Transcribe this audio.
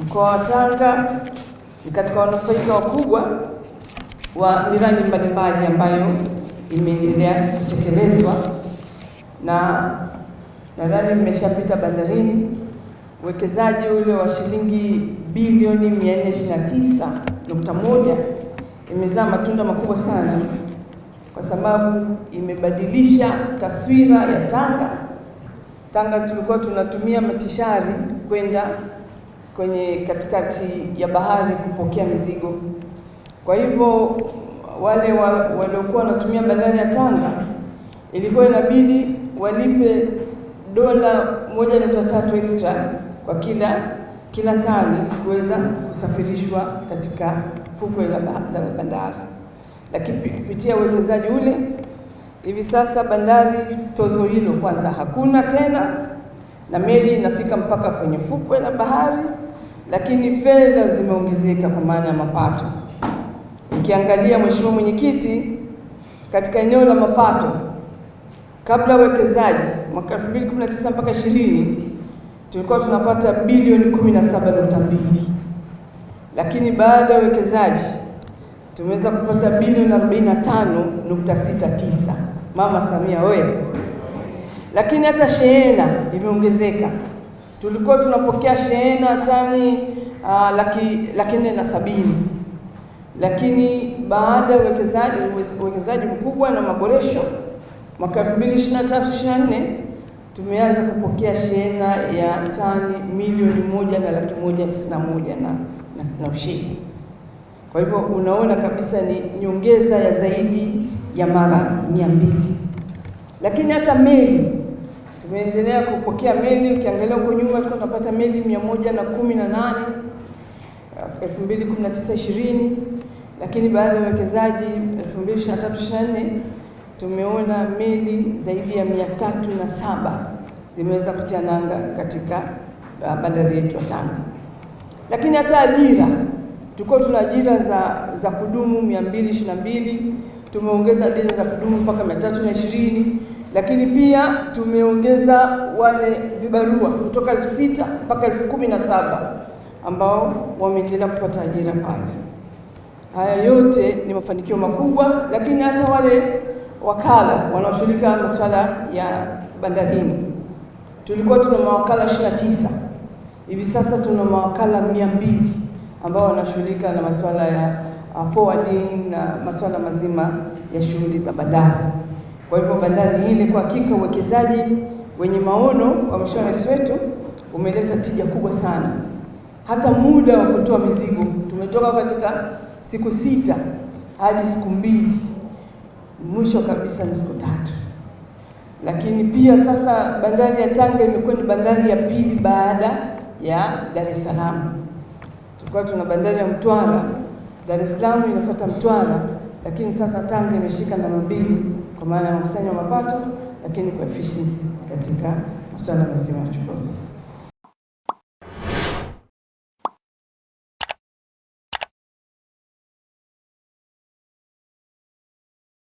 Mkoa wa Tanga ni katika wanufaika wakubwa wa miradi mbalimbali ambayo imeendelea kutekelezwa, na nadhani mmeshapita bandarini, uwekezaji ule wa shilingi bilioni 429.1 imezaa matunda makubwa sana, kwa sababu imebadilisha taswira ya Tanga. Tanga tulikuwa tunatumia matishari kwenda kwenye katikati ya bahari kupokea mizigo. Kwa hivyo wale wa, waliokuwa wanatumia bandari ya Tanga ilikuwa inabidi walipe dola moja nukta tatu extra kwa kila kila tani kuweza kusafirishwa katika fukwe la bandari. Lakini kupitia uwekezaji ule, hivi sasa bandari tozo hilo kwanza hakuna tena, na meli inafika mpaka kwenye fukwe la bahari lakini fedha zimeongezeka kwa maana ya mapato. Ukiangalia Mheshimiwa Mwenyekiti, katika eneo la mapato kabla ya uwekezaji mwaka 2019 mpaka 20 tulikuwa tunapata bilioni 17.2, lakini baada ya uwekezaji tumeweza kupata bilioni 45.69. Mama Samia wewe! Lakini hata shehena imeongezeka tulikuwa tunapokea shehena tani uh, laki, laki nne na sabini, lakini baada ya uwekezaji mkubwa na maboresho mwaka 2023 24 tumeanza kupokea shehena ya tani milioni moja na laki moja tisini na moja na, na, na ushindi. Kwa hivyo unaona kabisa ni nyongeza ya zaidi ya mara mia mbili, lakini hata meli Tumeendelea kupokea meli, ukiangalia huko nyuma tulikuwa tunapata meli mia moja na kumi na nane uh, elfu mbili kumi na tisa ishirini lakini baada ya uwekezaji 2023 24 tumeona meli zaidi ya mia tatu na saba zimeweza kutia nanga katika uh, bandari yetu ya Tanga. Lakini hata ajira, tulikuwa tuna ajira za za kudumu 222 tumeongeza ajira za kudumu mpaka 320 lakini pia tumeongeza wale vibarua kutoka elfu sita mpaka elfu kumi na saba ambao wameendelea kupata ajira pale. Haya yote ni mafanikio makubwa, lakini hata wale wakala wanaoshirika masuala ya bandarini, tulikuwa tuna mawakala 29 hivi sasa tuna mawakala mia mbili ambao wanashughulika na masuala ya uh, forwarding na masuala mazima ya shughuli za bandari. Kwa hivyo bandari hili kwa hakika uwekezaji wenye maono wa Mheshimiwa Rais wetu umeleta tija kubwa sana. Hata muda wa kutoa mizigo tumetoka katika siku sita hadi siku mbili, mwisho kabisa ni siku tatu. Lakini pia sasa bandari ya Tanga imekuwa ni bandari ya pili baada ya Dar es Salaam. Tulikuwa tuna bandari ya Mtwara, Dar es Salaam inafuata Mtwara, lakini sasa Tanga imeshika namba mbili kwa maana ya makusanyo ya mapato, lakini kwa efficiency katika masuala mazima ya uchukuzi.